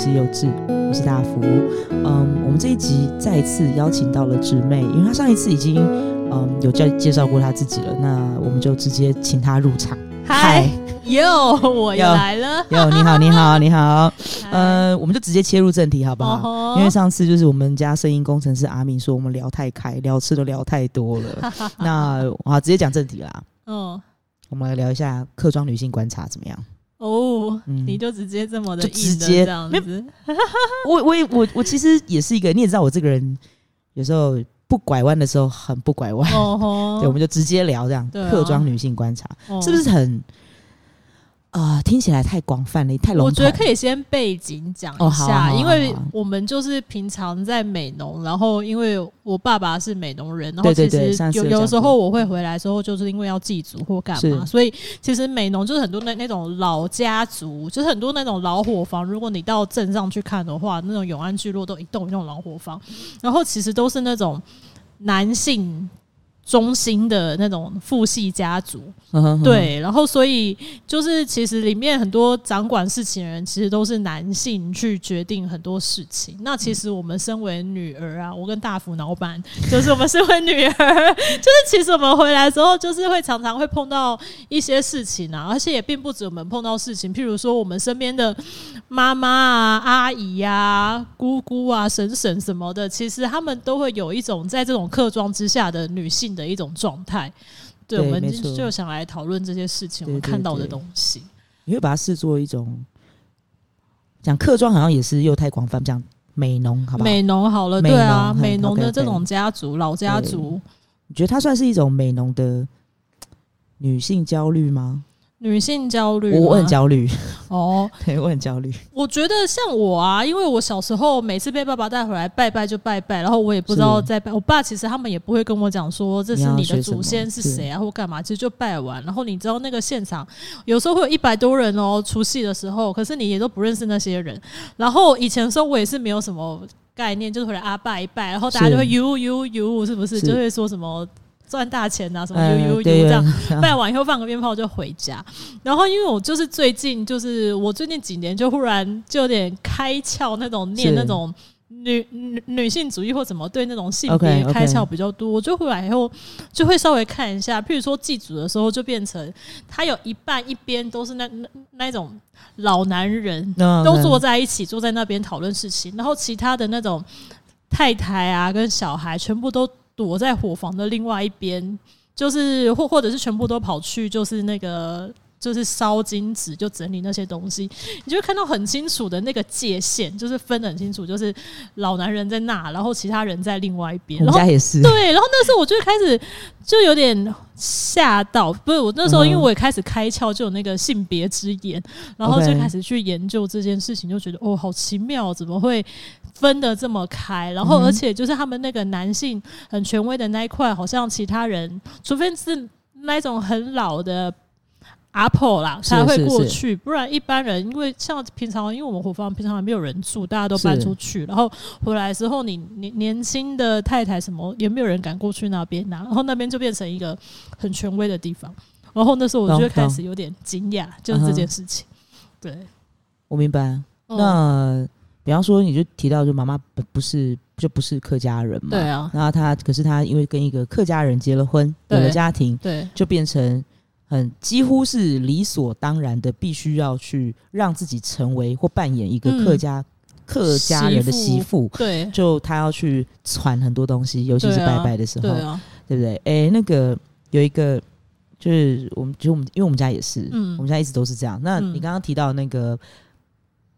是柚誌，我是大福。嗯，我們這一集再一次邀請到了紙妹，因為她上一次已經嗯有介介紹過她自己了，那我們就直接請她入場。嗨，Yo， 我又來了。Yo, yo，你好，你好，你好。嗯、呃，我們就直接切入正題，好不好？Uh -huh. 因為上次就是我們家聲音工程師阿明說，我們聊太開，聊吃的聊太多了。 那我好，直接講正題啦。嗯、oh.，我們來聊一下客莊女性觀察怎麼樣？哦、oh.。嗯、你就直接這麼的，就直接這樣子 我。我我我我其實也是一個，你也知道我這個人，有時候不拐彎的時候很不拐彎、哦。 對，我們就直接聊這樣，客莊、哦、女性觀察、哦、是不是很？啊、呃，聽起來太廣泛了，太籠統，我覺得可以先背景講一下、哦。好啊好啊，因為我們就是平常在美農然後因為我爸爸是美農人，然後其實有對對對有，有時候我會回來之後，就是因為要祭祖或幹嘛，所以其實美農就是很多那那種老家族，就是很多那種老伙房。如果你到鎮上去看的話，那種永安聚落都一棟那種老伙房，然後其實都是那種男性，中心的那種父系家族，uh -huh, uh -huh. 對，然後所以就是其實裡面很多掌管事情的人，其實都是男性去決定很多事情。那其實我們身為女兒啊，嗯、我跟大福老闆就是我們身為女兒， 就是其實我們回來之後，就是會常常會碰到一些事情啊，而且也並不止我們碰到事情，譬如說我們身邊的媽媽啊、阿姨呀、啊、姑姑啊、嬸嬸什麼的，其實他們都會有一種在這種客莊之下的女性。的一種狀態，對，對我們就想來討論這些事情，我們看到的東西，你會把它視作一種講客莊好像也是又太廣泛，講美濃好不好？美濃好了，對啊，美濃、啊嗯、的這種家族 okay, okay 老家族，你覺得它算是一種美濃的女性焦慮嗎？女性焦慮，我很焦慮哦，對，我很焦慮。我覺得像我啊，因為我小時候每次被爸爸帶回來拜拜就拜拜，然後我也不知道在拜。我爸其實他們也不會跟我講說這是你的祖先是誰啊或幹嘛，其實就拜完。然後你知道那個現場有時候會有一百多人哦，除夕的時候，可是你也都不認識那些人。然後以前的時候我也是沒有什麼概念，就是回來啊拜一拜，然後大家就會呦呦呦，是不是，就會說什麼。賺大錢吶、啊，什麼悠悠悠這樣，對對，拜完以後放個鞭炮就回家。 然後，因為我就是最近，就是我最近幾年就忽然就有點開竅，那種念那種女女女性主義或怎麼對，那種性別開竅比較多 okay, okay，我就回來以後就會稍微看一下。譬如說祭祖的時候，就變成他有一半一邊都是那那那種老男人，okay、都坐在一起，坐在那邊討論事情，然後其他的那種太太啊跟小孩全部都。躲在火房的另外一邊，就是或或者是全部都跑去，就是那個就是燒金紙，就整理那些東西，你就會看到很清楚的那個界限，就是分得很清楚，就是老男人在那，然後其他人在另外一邊。我家也是，對，然後那時候我就開始就有點嚇到，不是我那時候，因為我也開始開竅，就有那個性別之眼，然後就開始去研究這件事情，就覺得哦，好奇妙，怎麼會？分得這麼開，然後而且就是他們那個男性很權威的那一塊，嗯，好像其他人，除非是那一種很老的阿婆啦，才會過去，不然一般人，因為像平常，因為我們伙房平常還沒有人住，大家都搬出去，然後回來之後，你年年輕的太太什麼也沒有人敢過去那邊，啊，然後那邊就變成一個很權威的地方。然後那時候我就開始有點驚訝，哦哦，就是這件事情。嗯、對，我明白。哦，那。比方說，你就提到，就媽媽不不是，就不是客家人嘛。對啊。然後她，可是她因為跟一個客家人結了婚，有了家庭，對，就變成很幾乎是理所當然的，必須要去讓自己成為或扮演一個客家、嗯、客家人的媳婦。媳婦對。就她要去傳很多東西，尤其是拜拜的時候，對、啊對，啊、對不對？哎，那個有一個，就是我們，就我們，因為我們家也是，嗯，我們家一直都是這樣。嗯、那你剛剛提到那個。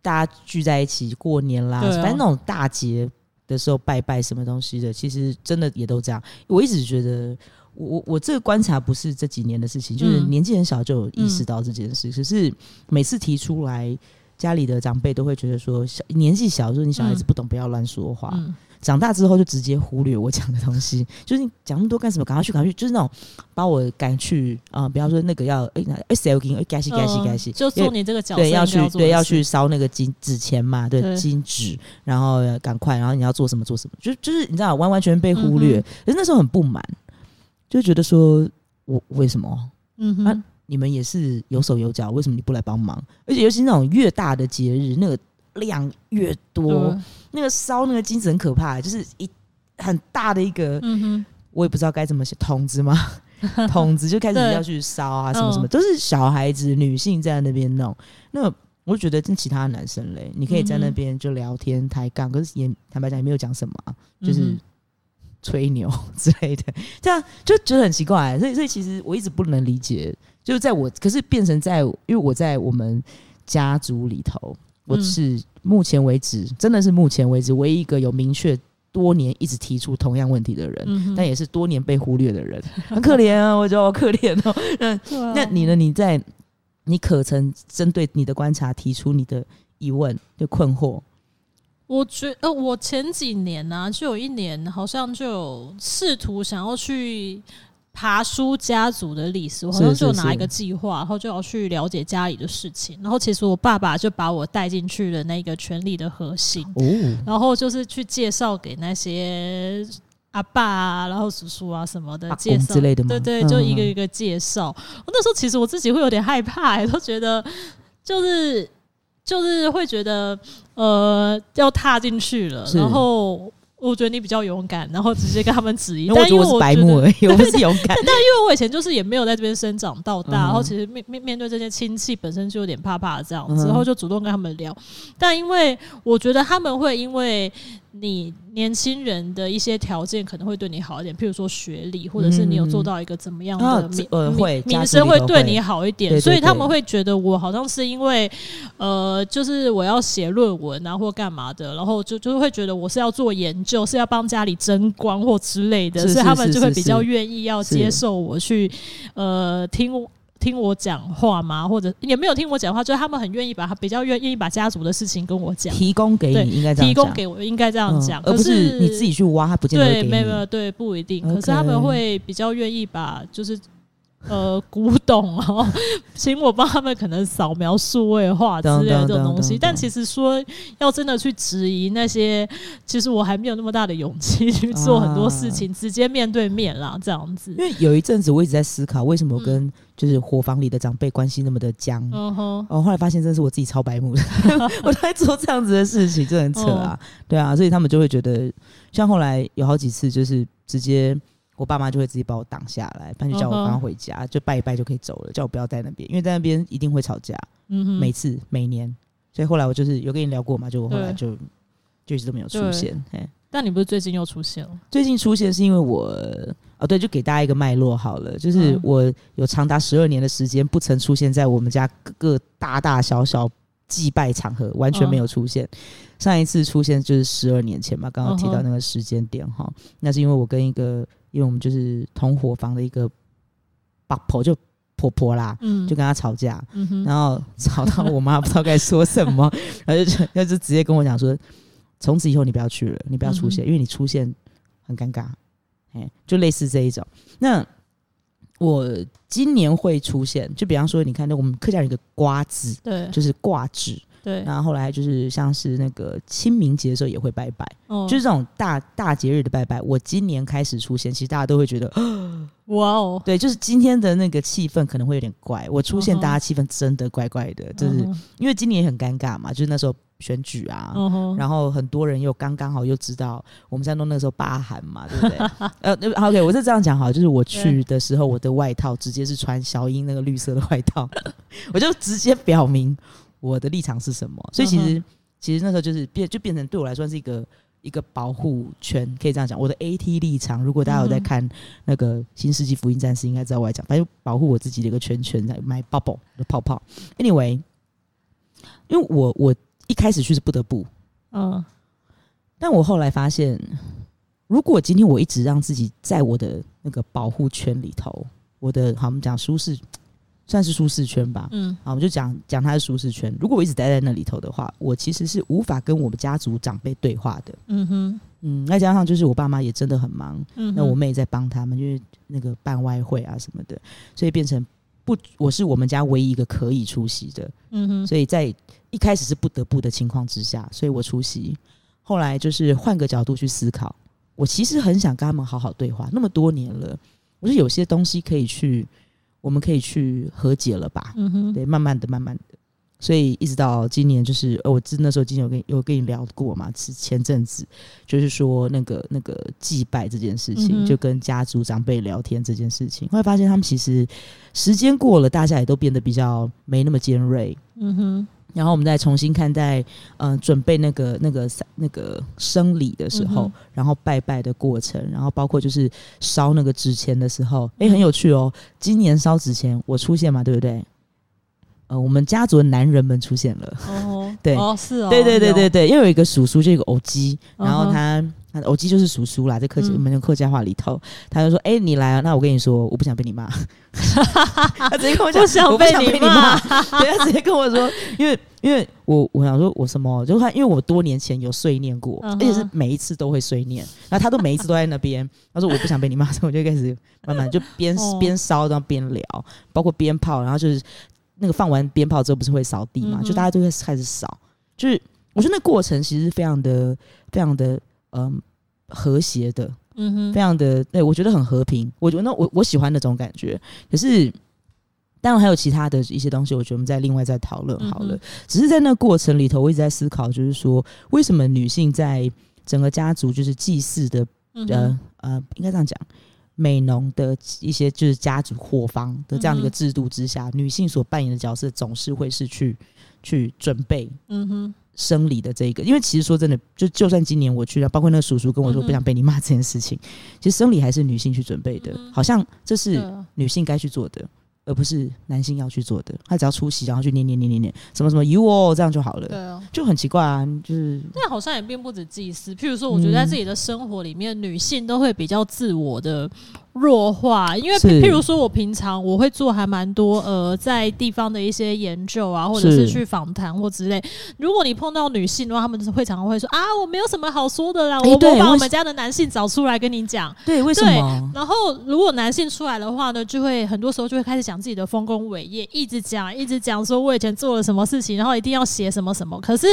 大家聚在一起過年啦，反正、啊、那種大節的時候拜拜什麼東西的，其實真的也都這樣。我一直覺得，我我我這個觀察不是這幾年的事情，嗯、就是年紀很小就有意識到這件事、嗯。可是每次提出來，家裡的長輩都會覺得說，年小年紀小，的時候你小孩子不懂，不要亂說話。嗯嗯長大之後就直接忽略我講的東西，就是你講那麼多幹什麼？趕快去，趕快去，就是那種把我趕去啊、呃！比方說那個要哎，哎、欸，燒、欸、金，哎、欸，趕緊趕緊趕緊，就做你這個角色對，要去要對要去燒那個金紙錢嘛，對，對金紙，然後趕快，然後你要做什麼做什麼，就就是你知道，完完全全被忽略、嗯，可是那時候很不滿，就覺得說我為什麼？嗯哼，那、啊、你們也是有手有腳，為什麼你不來幫忙？而且尤其那種越大的節日，那個。量越多，那個燒那個精神很可怕、欸，就是一很大的一個，嗯、哼我也不知道該怎麼寫筒子嘛，筒子就開始要去燒啊，什麼什麼都是小孩子、嗯、女性在那邊弄。那我覺得跟其他男生嘞，你可以在那邊就聊天抬槓、嗯，可是也坦白講也沒有講什麼，就是吹牛之類的，嗯、這樣就覺得很奇怪、欸。所以，所以其實我一直不能理解，就是在我可是變成在，因為我在我們家族裡頭。我是目前為止、嗯，真的是目前為止唯一一個有明確多年一直提出同樣問題的人，嗯、但也是多年被忽略的人， 很可憐啊！我覺得好可憐哦、啊 啊。那你呢？你在，你可曾針對你的觀察提出你的疑問？就困惑？我覺呃、哦，我前幾年呢、啊，就有一年好像就有試圖想要去。爬梳家族的歷史，我好像就拿一個計劃，是是是，然後就要去了解家裡的事情。然後其實我爸爸就把我帶進去的那個權力的核心，哦，然後就是去介紹給那些阿爸啊，然後叔叔啊什麼的介紹之類的。對，對對，就一個一個介紹。嗯啊，我那時候其實我自己會有點害怕欸，都覺得就是就是會覺得呃要踏進去了，然後。我覺得你比較勇敢，然後直接跟他們質疑。嗯。但因為我，覺得我，覺得我是白木耳， 我不是勇敢。 但因為我以前就是也沒有在這邊生長到大，然後其實面面面對這些親戚本身就有點怕怕，這樣之後就主動跟他們聊。但因為我覺得他們會因為。你年輕人的一些條件可能會對你好一點，譬如說學歷，或者是你有做到一個怎麼樣的名、嗯啊名、名呃、會名聲會對你好一點、呃對對對，所以他們會覺得我好像是因為呃，就是我要寫論文啊，或幹嘛的，然後就就會覺得我是要做研究，是要幫家裡爭光或之類的，是是是是是是，所以他們就會比較願意要接受我去呃聽。聽我講話嗎？或者也沒有聽我講話，就是他們很願意把，比較願意把家族的事情跟我講，提供給你應該這樣講，提供給我應該這樣講，嗯、而不是你自己去挖，他不見得。對，沒有，沒有，對，不一定。Okay. 可是他們會比較願意把，就是呃，古董哦， 請我幫他們可能掃描數位化之類的這種東西。噠噠噠噠噠噠。但其實說要真的去質疑那些，其實我還沒有那麼大的勇氣去做很多事情，啊，直接面對面啦，這樣子。因為有一陣子我一直在思考，為什麼跟、嗯就是伙房裡的長輩關係那麼的僵，哦、uh -huh.，後來發現真是我自己超白目， 我在做這樣子的事情真很扯啊，uh -huh. 對啊，所以他們就會覺得，像後來有好幾次就是直接我爸媽就會自己把我擋下來，反正就叫我趕快回家，就拜一拜就可以走了，叫我不要在那邊，因為在那邊一定會吵架，嗯、uh、哼 -huh.，每次每年，所以後來我就是有跟你聊過嘛，就我後來就就一直都沒有出現，但你不是最近又出現了？最近出現是因為我哦，喔、對，就給大家一個脈絡好了，就是我有長達十二年的時間不曾出現在我們家各個大大小小祭拜場合，完全沒有出現。嗯、上一次出現就是十二年前嘛，剛剛提到那個時間點哈、嗯。那是因為我跟一個，因為我們就是同伙房的一個婆婆，就婆婆啦，嗯、就跟她吵架，嗯、然後吵到我媽不知道該說什麼， 然後就，就直接跟我講說。從此以後你不要去了，你不要出現，嗯、因為你出現很尷尬、欸，就類似這一種。那我今年會出現，就比方說，你看那我們客家有一個掛紙，對，就是掛紙。對，然後後來就是像是那個清明節的時候也會拜拜，嗯、就是這種大大節日的拜拜。我今年開始出現，其實大家都會覺得哇哦、wow，對，就是今天的那個氣氛可能會有點怪。我出現，大家氣氛真的怪怪的，uh -huh、就是、uh -huh、因為今年也很尷尬嘛，就是那時候選舉啊，uh -huh、然後很多人又剛剛好又知道我們山東那時候罷韓嘛，對不對？呃、 uh,，OK，我是這樣講好，就是我去的時候，我的外套直接是穿小英那個綠色的外套， 我就直接表明。我的立場是什麼？所以其實、嗯、其實那時候就是就變就變成對我來說是一個一個保護圈，可以這樣講。我的 AT 立場，如果大家有在看那個《新世紀福音戰士》，嗯，應該知道我在講，反正保護我自己的一個圈圈，在 my bubble 的泡泡。Anyway，因為我我一開始確實不得不，嗯，但我後來發現，如果今天我一直讓自己在我的那個保護圈裡頭，我的好像，我們講舒適。算是舒適圈吧。嗯，好，我就講講他的舒適圈。如果我一直待在那裡頭的話，我其實是無法跟我們家族長輩對話的。嗯哼，嗯，那加上就是我爸媽也真的很忙，嗯、那我妹在幫他們，就是那個辦外匯啊什麼的，所以變成不，我是我們家唯一一個可以出席的。嗯哼，所以在一開始是不得不的情況之下，所以我出席。後來就是換個角度去思考，我其實很想跟他們好好對話。那麼多年了，我是有些東西可以去。我們可以去和解了吧？嗯哼，對，慢慢的，慢慢的，所以一直到今年，就是、哦、我是那時候，今年有跟你有跟你聊過嘛，前陣子，就是說那個那個祭拜這件事情，嗯、就跟家族長輩聊天這件事情，會發現他們其實時間過了，大家也都變得比較沒那麼尖銳。嗯哼。然後我們再重新看在嗯、呃、準備那個那個那個牲禮的時候，嗯，然後拜拜的過程，然後包括就是燒那個紙錢的時候，哎，很有趣哦。今年燒紙錢我出現嘛，對不對？呃、我們家族的男人們出現了。Oh, 對 oh, 是哦，對，對對對對對，又有一個叔叔，就一個歐吉，然後他，他的歐吉就是叔叔啦，在客家、嗯、我們客家話裡頭，他就說：“哎、欸，你來了、啊，那我跟你說，我不想被你罵。 ”他直接跟我講，我想我不想被你罵， 他直接跟我說，因為因為我我想說，我什麼，就他，因為我多年前有碎念過，uh -huh. 而且是每一次都會碎念，然後他都每一次都在那邊， 他說我不想被你罵，所以我就開始慢慢就邊邊燒，然後邊聊，包括邊泡，然後就是。那個放完鞭炮之後不是會掃地嗎？嗯、就大家都會開始開始掃，就是我覺得那過程其實非常的、非常的嗯和諧的，嗯哼，非常的對，我覺得很和平，我覺得那我我喜歡那種感覺。可是當然還有其他的一些東西，我覺得我們再另外再討論好了，嗯。只是在那個過程裡頭，我一直在思考，就是說，為什麼女性在整個家族就是祭祀的嗯呃，呃，應該這樣講。美農的一些就是家族夥房的這樣的一個制度之下、嗯，女性所扮演的角色總是會是去去準備，嗯哼，生理的這一個。因為其實說真的，就就算今年我去了，包括那個叔叔跟我說不想被你罵這件事情、嗯，其實生理還是女性去準備的，嗯、好像這是女性該去做的。嗯而不是男性要去做的，他只要出席，然後去念念念念念，什麼什麼 you 哦，all，這樣就好了。對啊，就很奇怪啊，就是。但好像也並不止祭司，譬如說，我覺得在自己的生活裡面，嗯，女性都會比較自我的。弱化，因為譬、譬如說，我平常我會做還蠻多呃，在地方的一些研究啊，或者是去訪談或之類。如果你碰到女性的話，他們就會常常會說：“啊，我沒有什麼好說的啦，欸、我不把我們家的男性找出來跟你講。”對，為什麼？對，然後如果男性出來的話呢，就會很多時候就會開始講自己的豐功偉業，一直講，一直講，說我以前做了什麼事情，然後一定要寫什麼什麼。可是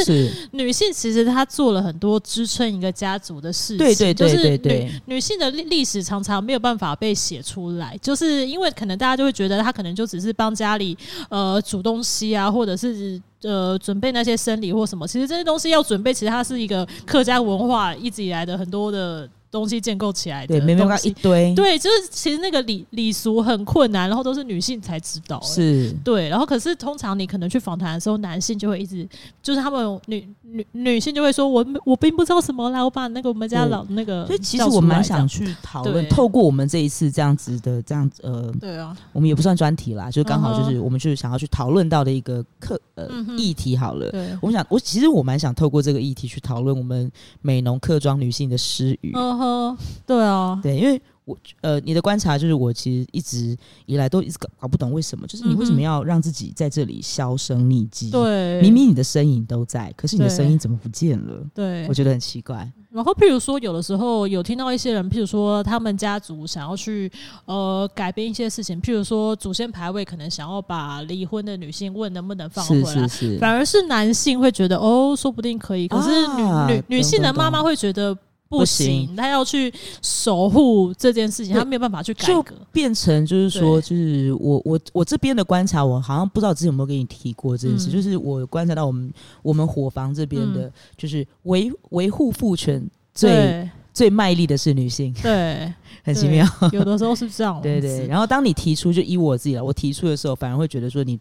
女性其實她做了很多支撐一個家族的事情，對對對對對、對女。女性的歷歷史常常沒有辦法被寫出來，就是因為可能大家就會覺得他可能就只是幫家裡呃煮東西啊，或者是呃準備那些生理或什麼。其實這些東西要準備，其實它是一個客家文化一直以來的很多的。東西建構起來的，一堆，對，就是其實那個禮禮俗很困難，然後都是女性才知道，是，對，然後可是通常你可能去訪談的時候，男性就會一直，就是他們女女女性就會說我，我我並不知道什麼啦，我把那個我們家老那個，所以其實我蠻想去討論，透過我們這一次這樣子的這樣子呃，對啊，我們也不算專題啦，就剛好就是我們就是想要去討論到的一個課呃議題好了，我想我其實我蠻想透過這個議題去討論我們美濃客莊女性的失語、呃。呵，呵，對啊，對，因為我呃，你的觀察就是我其實一直以來都一直搞不懂為什麼，嗯、就是你為什麼要讓自己在這裡銷聲匿跡？對，明明你的身影都在，可是你的聲音怎麼不見了？對，我覺得很奇怪。然後，譬如說，有的時候有聽到一些人，譬如說他們家族想要去呃改變一些事情，譬如說祖先牌位可能想要把離婚的女性問能不能放回來，是是是反而是男性會覺得哦，說不定可以，可是女、啊、女女性的媽媽會覺得。不行，他要去守護這件事情，他沒有辦法去改變，就變成就是說，就是我我我這邊的觀察，我好像不知道之前有沒有跟你提過這件事、嗯，就是我觀察到我們我們伙房這邊的、嗯，就是維維護父權最最賣力的是女性，對，呵呵很奇妙，有的時候是這樣，對,對對。然後當你提出，就依我自己了，我提出的時候，反而會覺得說你。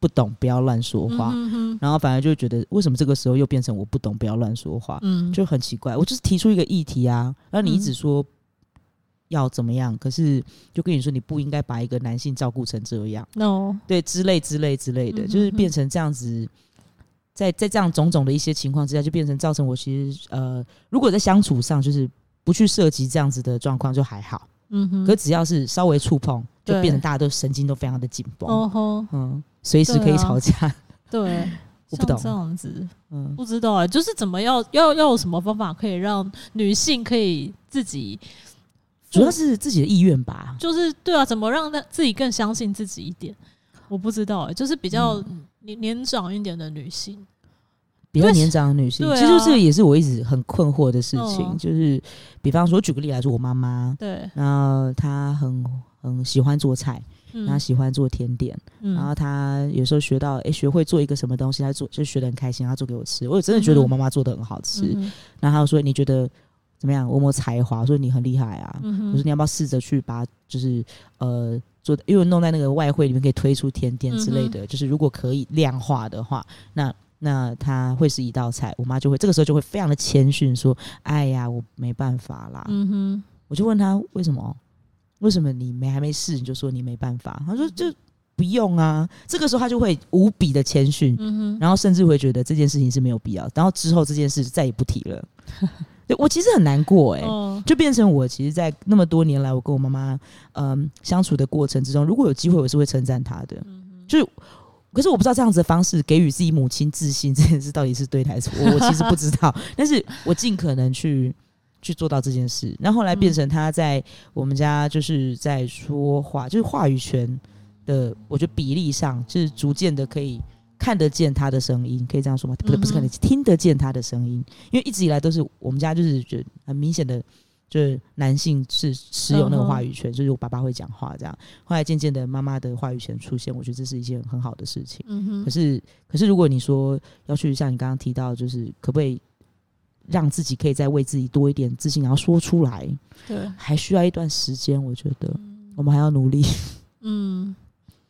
不懂，不要亂說話、嗯，然後反而就覺得為什麼這個時候又變成我不懂，不要亂說話、嗯，就很奇怪。我就是提出一個議題啊，然後你一直說要怎麼樣，嗯、可是就跟你說，你不應該把一個男性照顧成這樣，no，對，之類之類之類的、嗯、哼哼就是變成這樣子，在在這樣種種的一些情況之下，就變成造成我其實呃，如果在相處上就是不去涉及這樣子的狀況，就還好。嗯哼，可只要是稍微觸碰，就變得大家都神經都非常的緊繃。哦、嗯、吼，嗯，隨時可以吵架。對、啊對，我不懂這樣子，嗯，不知道哎、欸，就是怎麼要要要有什麼方法可以讓女性可以自己，主要是自己的意願吧。就是對啊，怎麼讓她自己更相信自己一點？我不知道哎、欸，就是比較年年長一點的女性。嗯。比較年長的女性，啊、其實這個也是我一直很困惑的事情。哦、就是，比方說，舉個例來說，我媽媽，對，然後她很很喜歡做菜，然、嗯、後喜歡做甜點、嗯，然後她有時候學到誒，學會做一個什麼東西，她做就學的很開心，她做給我吃。我也真的覺得我媽媽做的很好吃。嗯、然後她說你覺得怎麼樣？我有沒有才華，我說你很厲害啊、嗯。我說你要不要試着去把就是呃做，因為弄在那個外匯裡面可以推出甜點之類的，嗯、就是如果可以量化的話，那。那他會是一道菜，我媽就會這個時候就會非常的謙遜說：“哎呀，我沒辦法啦。”嗯哼，我就問他為什麼？為什麼你沒還沒試，你就說你沒辦法？他說：“就不用啊。”這個時候他就會無比的謙遜，嗯哼，然後甚至會覺得這件事情是沒有必要。然後之後這件事再也不提了。呵呵對，我其實很難過哎、欸哦，就變成我其實，在那麼多年來，我跟我媽媽嗯相處的過程之中，如果有機會，我是會稱讚她的，嗯、就是。可是我不知道這樣子的方式給予自己母親自信這件事到底是對的還是錯，我其實不知道。 但是我盡可能去去做到這件事，然後後來變成他在我們家就是在說話，就是話語權的，我覺得比例上就是逐漸的可以看得見他的聲音，可以這樣說嗎？不對，不是看得聽得見他的聲音，因為一直以來都是我們家就是覺得很明顯的。就是男性是持有那個話語權，嗯、就是我爸爸會講話這樣。後來漸漸的，媽媽的話語權出現，我覺得這是一件很好的事情。嗯哼。可是，可是如果你說要去像你剛剛提到，就是可不可以讓自己可以再為自己多一點自信，然後說出來，對，還需要一段時間。我覺得、嗯、我們還要努力。嗯，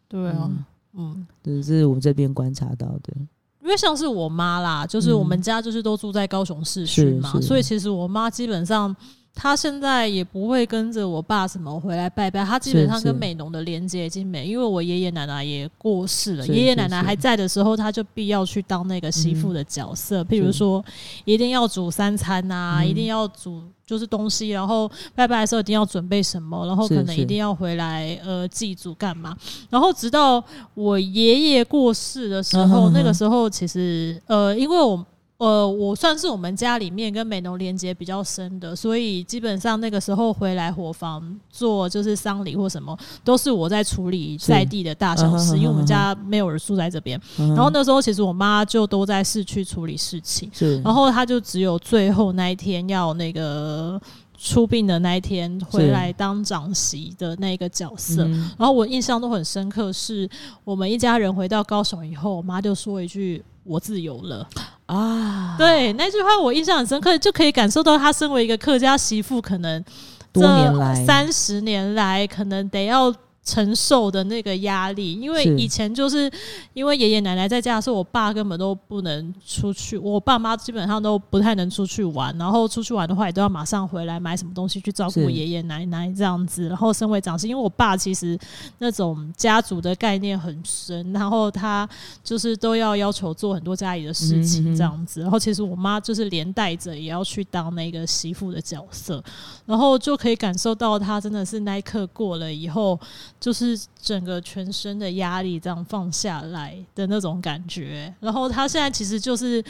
對啊，嗯，就是、這是我們這邊觀察到的。因為像是我媽啦，就是我們家就是都住在高雄市區嘛、嗯，所以其實我媽基本上。他現在也不會跟着我爸什麼回來拜拜，他基本上跟美濃的連接已經沒，因為我爺爺奶奶也過世了。爺爺奶奶還在的時候，他就必要去當那個媳婦的角色，譬如說一定要煮三餐啊、嗯，一定要煮就是東西，然後拜拜的時候一定要準備什麼，然後可能一定要回來是是呃祭祖幹嘛。然後直到我爺爺過世的時候，嗯哼，嗯哼，那個時候其實呃，因為我。呃，我算是我們家裡面跟美濃連接比較深的，所以基本上那個時候回來伙房做就是喪禮或什麼，都是我在處理在地的大小事，uh -huh, uh -huh, uh -huh. 因為我們家沒有人住在這邊。Uh -huh. 然後那時候其實我媽就都在市區處理事情，uh -huh. 然後她就只有最後那一天要那個出殯的那一天回來當長媳的那個角色。Uh -huh. 然後我印象都很深刻是，是我們一家人回到高雄以後，我媽就說一句。我自由了啊！對那句話我印象很深刻，就可以感受到他身為一個客家媳婦，可能多年來三十年來，可能得要。承受的那個壓力，因為以前就是，是因為爺爺奶奶在家的時候，我爸根本都不能出去，我爸媽基本上都不太能出去玩。然後出去玩的話，也都要馬上回來買什麼東西去照顧爺爺奶奶這樣子。然後身為長子，因為我爸其實那種家族的概念很深，然後他就是都要要求做很多家裡的事情這樣子。嗯、哼哼，然後其實我媽就是連帶着也要去當那個媳婦的角色，然後就可以感受到他真的是那一刻過了以後。就是整個全身的壓力這樣放下來的那種感覺，然後她現在其實就是，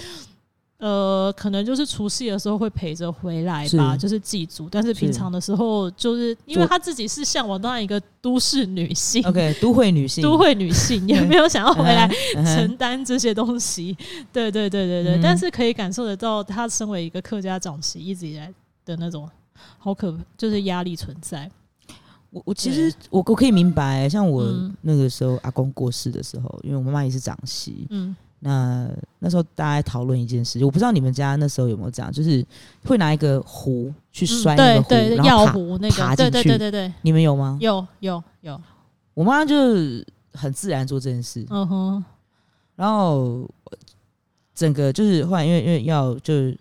呃，可能就是除夕的時候會陪着回來吧，是就是祭祖。但是平常的時候，就是，是因為她自己是嚮往當然一個都市女性，OK，都會女性，都會女性，會女性也沒有想要回來，嗯、承擔這些東西。對對對對對，嗯，但是可以感受得到，她身為一個客家長媳一直以來的那種好可就是壓力存在。我我其實我我可以明白，像我那個時候阿公過世的時候，因為我媽媽也是長媳，嗯，那那時候大家討論一件事，我不知道你們家那時候有沒有這樣，就是會拿一個壺去摔那個壺，然後爬那個進去，對對對對，你們有嗎？有有有，我媽就是很自然做這件事，嗯哼，然後整個就是後來因為因為要就是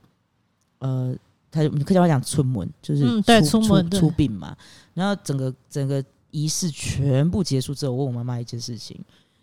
呃，他就客家話講出門，就是出出出殯嘛。然後整個整個儀式全部結束之後，我問我媽媽一件事情：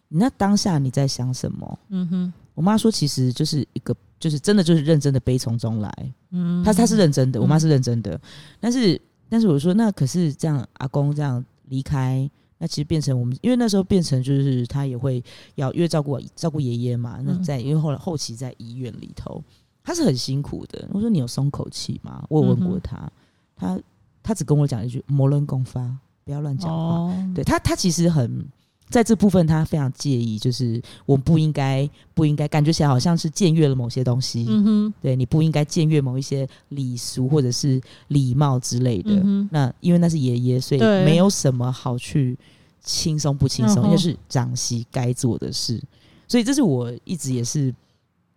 你那當下你在想什麼？嗯哼，我媽說，其實就是一個，就是真的就是認真的悲從中來。嗯，她她是認真的，我媽是認真的。嗯、但是但是我說，那可是這樣，阿公這樣離開，那其實變成我們，因為那時候變成就是她也會要因為照顧照顧爺爺嘛、嗯。那在因為後來後期在醫院裡頭，她是很辛苦的。我說你有鬆口氣嗎？我有問過她，嗯、她……他只跟我講一句：“摩輪功法，不要亂講話。哦”，對他，他其實很在這部分，他非常介意、就是，就是我不應該，不應該感覺起來好像是僭越了某些東西。嗯哼，對你不應該僭越某一些禮俗或者是禮貌之類的、嗯。那因為那是爺爺，所以沒有什麼好去輕鬆不輕鬆，也是長媳該做的事、嗯。所以這是我一直也是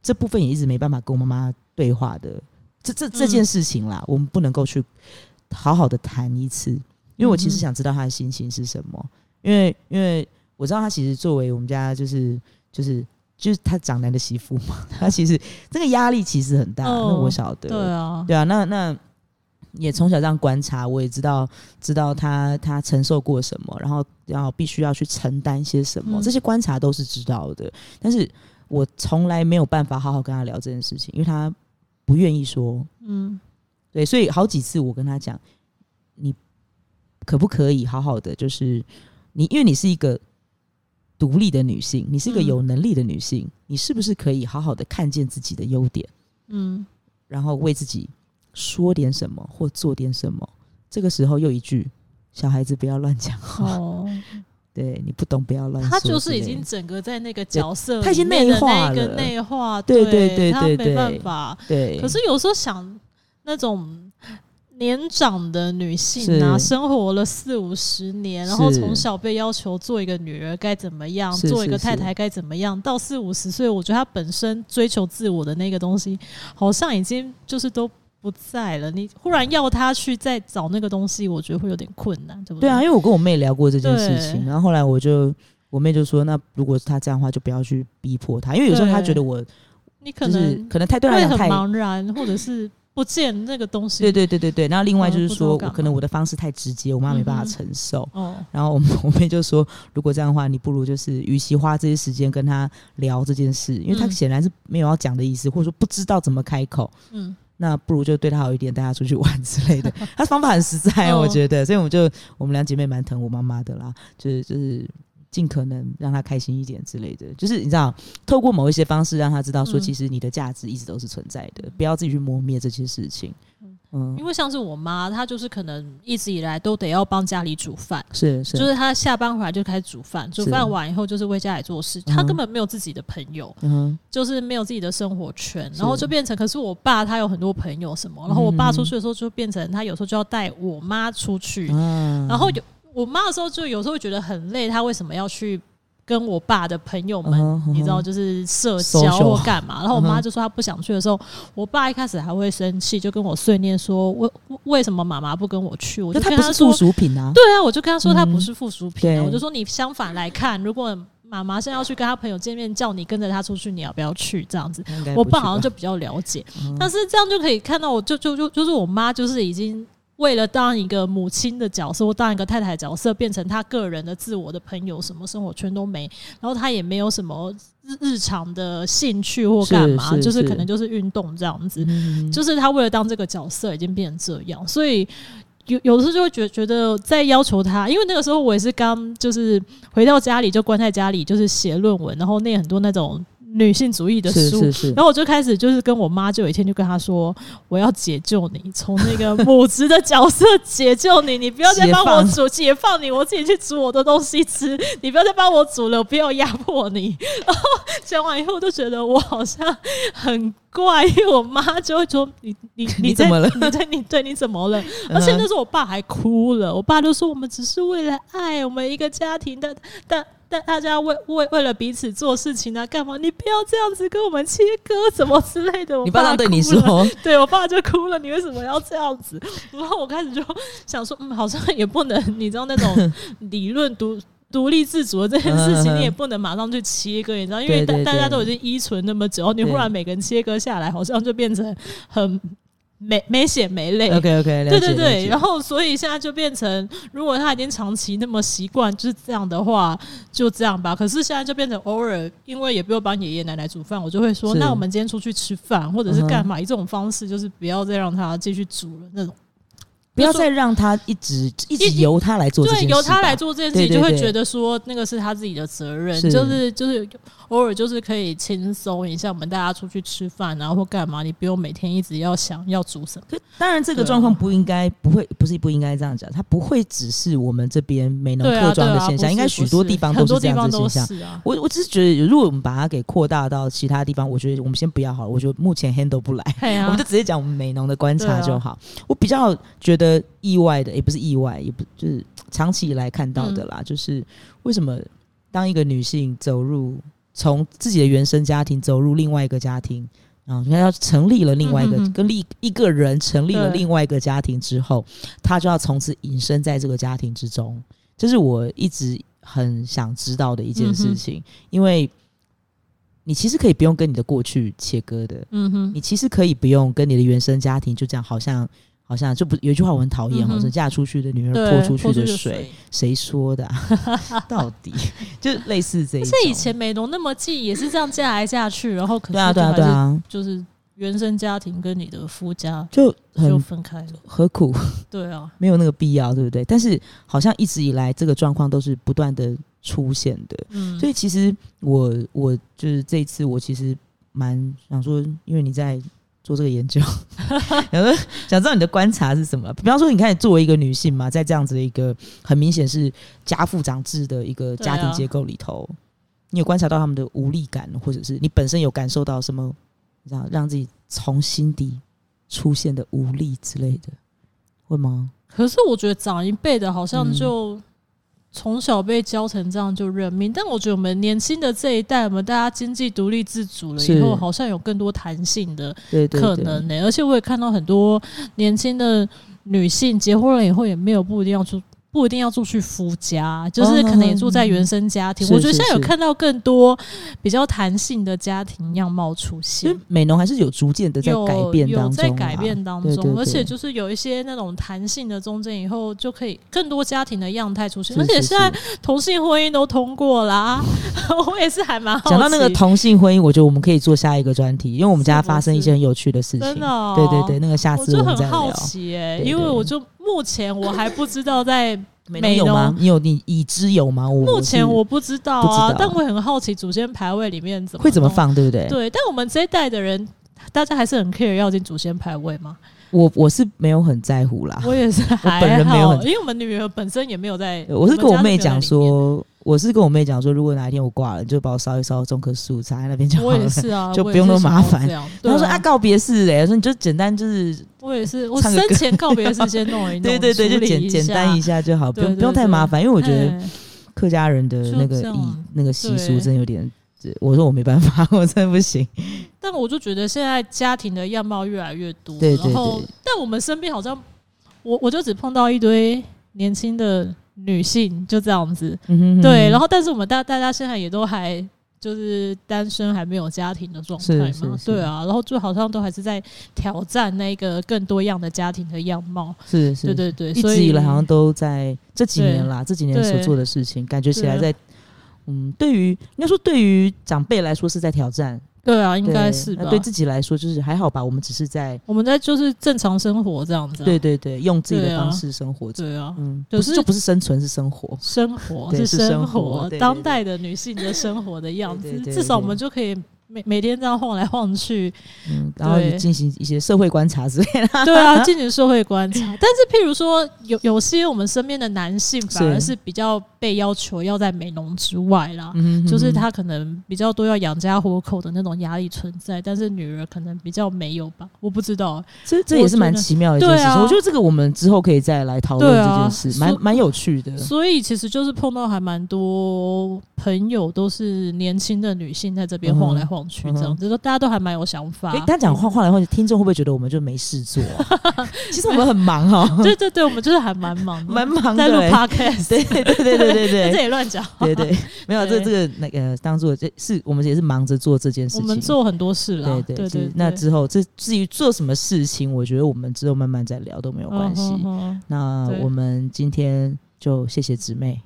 這部分也一直沒辦法跟媽媽對話的。這這這件事情啦，嗯、我們不能夠去。好好的談一次，因為我其實想知道他的心情是什麼，因、嗯、為，因為我知道他其實作為我們家就是就是就是他長男的媳婦嘛，他其實這個壓力其實很大、哦，那我曉得，對啊，對啊，那那也從小這樣觀察，我也知道知道他他承受過什麼，然後要必須要去承擔些什麼、嗯，這些觀察都是知道的，但是我從來沒有辦法好好跟他聊這件事情，因為他不願意說，嗯。對，所以好幾次我跟他講，你可不可以好好的，就是你，因為你是一個獨立的女性，你是一個有能力的女性，嗯、你是不是可以好好的看見自己的優點？嗯，然後為自己說點什麼或做點什麼。這個時候又一句，小孩子不要亂講話哦，對你不懂不要亂講。他就是已經整個在那個角色個，他已經內化了，內化，對對對對，他沒辦法，對。對，可是有時候想。那種年長的女性啊，生活了四五十年，然後從小被要求做一個女兒該怎麼樣，做一個太太該怎麼樣，到四五十歲，我覺得她本身追求自我的那個東西，好像已經就是都不在了。你忽然要她去再找那個東西，我覺得會有點困難，對不對？對啊，因為我跟我妹聊過這件事情，然後後來我就我妹就說：“那如果她這樣的話，就不要去逼迫她，因為有時候她覺得我，就是、你可能可能會很茫然，或者是。 ”不見那個東西。對對對對對，那另外就是說，我可能我的方式太直接，我媽沒辦法承受。然後我我妹就說，如果這樣的話，你不如就是，與其花這些時間跟他聊這件事，因為他顯然是沒有要講的意思，或者說不知道怎麼開口。嗯。那不如就對他好一點，帶他出去玩之類的。他方法很實在，我覺得，所以我們就我們兩姐妹蠻疼我媽媽的啦，就是就是。盡可能讓他開心一點之類的，就是你知道，透過某一些方式讓他知道，說其實你的價值一直都是存在的，嗯、不要自己去磨滅這些事情嗯。嗯，因為像是我媽，她就是可能一直以來都得要幫家裡煮飯，是，是，就是她下班回來就開始煮飯，煮飯完以後就是為家裡做事，她根本沒有自己的朋友，嗯、就是沒有自己的生活圈，然後就變成，可是我爸他有很多朋友什麼，然後我爸出去的時候就變成他有時候就要帶我媽出去，嗯、然後有我媽的時候就有時候會覺得很累，她為什麼要去跟我爸的朋友們？Uh -huh, uh -huh. 你知道，就是社交或幹嘛？Social. 然後我媽就說她不想去的時候，uh -huh. 我爸一開始還會生氣，就跟我碎念說為為什麼媽媽不跟我去？我就跟她說但她不是附屬品啊，對啊，我就跟她說她不是附屬品啊、嗯。我就說你相反來看，如果媽媽現在要去跟她朋友見面，叫你跟着她出去，你要不要去？這樣子，我爸好像就比較了解。嗯、但是這樣就可以看到，我就就就就是我媽，就是已經。為了當一個母親的角色或當一個太太角色，變成他個人的自我的朋友，什麼生活圈都沒，然後他也沒有什麼日日常的興趣或幹嘛，就是可能就是運動這樣子，嗯，就是他為了當這個角色已經變成這樣，所以有有的時候就會覺得覺得在要求他，因為那個時候我也是剛就是回到家裡就關在家裡，就是寫論文，然後那很多那種。女性主義的書，然後我就開始就是跟我媽，就有一天就跟她說，我要解救你，從那個母職的角色解救你，你不要再幫我煮，解放你，我自己去煮我的東西吃，你不要再幫我煮了，我不要壓迫你。然後講完以後，我就覺得我好像很怪，因為我媽就會說你你在你在、對，你對你怎麼了？而且那時候我爸還哭了，我爸都說我們只是為了愛我們一個家庭的但但。但大家為為為了彼此做事情啊，幹嘛？你不要這樣子跟我們切割，什麼之類的？我爸你爸對你說對，對我爸爸就哭了。你為什麼要這樣子？然後我開始就想說，嗯，好像也不能，你知道那種理論獨獨立自主的這件事情，你也不能馬上去切割，你知道？因為大大家都已經依存那麼久，你忽然每個人切割下來，好像就變成很。沒沒血沒淚。OK OK，了解，對對對，然後所以現在就變成，如果他已經長期那麼習慣就是這樣的話，就這樣吧。可是現在就變成偶爾，因為也不用幫爺爺奶奶煮飯，我就會說，那我們今天出去吃飯或者是幹嘛？以、嗯、這種方式，就是不要再讓他繼續煮了那種。就是、不要再讓他一直一直由他來做，對，由他來做這件事情，對對對對，就會覺得說那個是他自己的責任，是就是就是偶爾就是可以輕鬆一下，我們大家出去吃飯，然後或幹嘛，你不用每天一直要想要煮什麼。可是當然，這個狀況不應該、啊、不會不是不應該這樣講，他不會只是我們這邊美濃客莊的現象，啊啊、應該許多地方都是這樣子的現象。啊、我我只是覺得，如果我們把它給擴大到其他地方，我覺得我們先不要好了，我覺得目前 handle 不來，啊、 我們就直接講我們美濃的觀察就好。啊、我比較覺得。意外的也不是意外，也不就是長期以來看到的啦、嗯。就是為什麼當一個女性走入，從自己的原生家庭走入另外一個家庭啊？你看，要成立了另外一個跟另、嗯、一個人成立了另外一個家庭之後，她就要從此隱身在這個家庭之中。這，就是我一直很想知道的一件事情、嗯，因為你其實可以不用跟你的過去切割的，嗯哼，你其實可以不用跟你的原生家庭就這樣好像。好像就不有一句話我很討厭，像、嗯、嫁出去的女兒潑出去的水，誰說的、啊？ 到底就類似這一種。這以前沒離那麼近，也是這樣嫁來嫁去，然後可能，對啊對啊對啊，就是原生家庭跟你的夫家就很就分開了，何苦？對啊，沒有那個必要，對不對？但是好像一直以來這個狀況都是不斷的出現的，嗯。所以其實我我就是這一次，我其實蠻想說，因為你在。做這個研究，想 想知道你的觀察是什麼？比方說，你看你作為一個女性嘛，在這樣子的一個很明顯是家父長制的一個家庭結構裡頭、啊，你有觀察到他們的無力感，或者是你本身有感受到什麼，讓讓自己從心底出現的無力之類的、嗯，會嗎？可是我覺得長一輩的，好像就、嗯。從小被教成這樣就認命，但我覺得我們年輕的這一代，我們大家經濟獨立自主了以後，好像有更多彈性的可能呢、欸。而且我也看到很多年輕的女性結婚了以後，也沒有不一定要出。不一定要住去夫家，就是可能也住在原生家庭。嗯、我覺得現在有看到更多比較彈性的家庭樣貌出現。是是是，美濃還是有逐漸的在改變當中、啊，在改變當中對對對，而且就是有一些那種彈性的中間，以後就可以更多家庭的樣態出現，是是是。而且現在同性婚姻都通過啦，是是是 我也是還蠻。好。講到那個同性婚姻，我覺得我們可以做下一個專題，因為我們家發生一些很有趣的事情。真的，對對對，那個下次我們再聊。我就很好奇哎，欸，因為我就。目前我還不知道在美沒有嗎？你有你已知有嗎？我目前我不知道啊，但我很好奇祖先牌位裡面怎麼會怎麼放，對不對？對，但我們這一代的人，大家還是很 care 要進祖先牌位嗎？我我是沒有很在乎啦，我也是還好，我本人沒有很在乎，因為我們女兒本身也沒有在，我是跟我妹講說。我是跟我妹講說，如果哪一天我掛了，就把我燒一燒，種棵樹插在那邊就好了，是啊、就不用那麼麻煩。她、啊、說啊，告別式哎，說你就簡單，就是我也是，我生前告別式先弄一弄， 對、對對對，就簡簡單一下就好，不用不用太麻煩，因為我覺得客家人的那個意那個習俗真有點這，我說我沒辦法，我真的不行。但我就覺得現在家庭的樣貌越來越多，對對對、對，但我們身邊好像我我就只碰到一堆年輕的。女性就這樣子、嗯哼哼，對，然後但是我們大大家現在也都還就是單身，還沒有家庭的狀態嘛，是是是，對啊，然後就好像都還是在挑戰那個更多樣的家庭的樣貌，是是是，對對對，一直以來好像都在這幾年啦，這幾年所做的事情，感覺起來在，嗯，對於應該說對於長輩來說是在挑戰。對啊，應該是吧。對，對自己來說，就是還好吧。我們只是在，我們在就是正常生活這樣子，啊。對對對，用自己的方式生活這樣，對、啊。對啊，嗯，就是、不是就不是生存，是生活，生活是生活，是生活，對對對，當代的女性的生活的樣子 對對對對對。至少我們就可以。每每天這樣晃來晃去，嗯、然後也進行一些社會觀察之類的。對,對啊，進行社會觀察。 但是，譬如說，有有些我們身邊的男性反而是比較被要求要在美濃之外啦，就是他可能比較多要養家活口的那種壓力存在。嗯、但是，女兒可能比較沒有吧？我不知道。這這也是蠻奇妙的一件事情我、啊。我覺得這個我們之後可以再來討論這件事，蠻蠻、啊、有趣的。所以，所以其實就是碰到還蠻多朋友都是年輕的女性在這邊晃來晃。嗯去這樣，就、嗯、說大家都還蠻有想法。跟他講話話來話去，或者聽眾會不會覺得我們就沒事做、啊？ 其實我們很忙哦、喔。對，對對對，我們就是還蠻忙的，蠻忙的、欸、在錄 podcast。對對對對對對對，這也亂講。對對，沒有、啊、這這個那個，呃、當做這是我們也是忙着做這件事情。我們做很多事了。對對對，對對對就是、那之後這至於做什麼事情，我覺得我們之後慢慢再聊都沒有關係。Uh、-huh -huh, 那我們今天。就謝謝紙妹，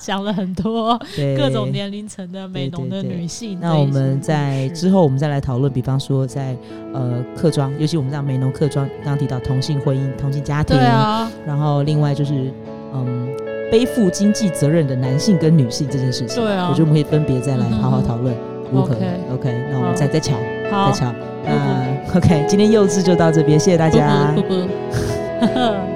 講 了很多各種年齡層的美濃的女性對對對對。那我們在之後我們再來討論，比方說在呃客莊，尤其我們這樣美濃客莊剛提到同性婚姻、同性家庭，啊、然後另外就是嗯，背負經濟責任的男性跟女性這件事情，對啊。我覺得我們可以分別再來好好討論、嗯、如何。OK，okay、嗯、那我們再再瞧、嗯，再瞧。那不不 OK，今天柚誌就到這邊，謝謝大家。不不、不。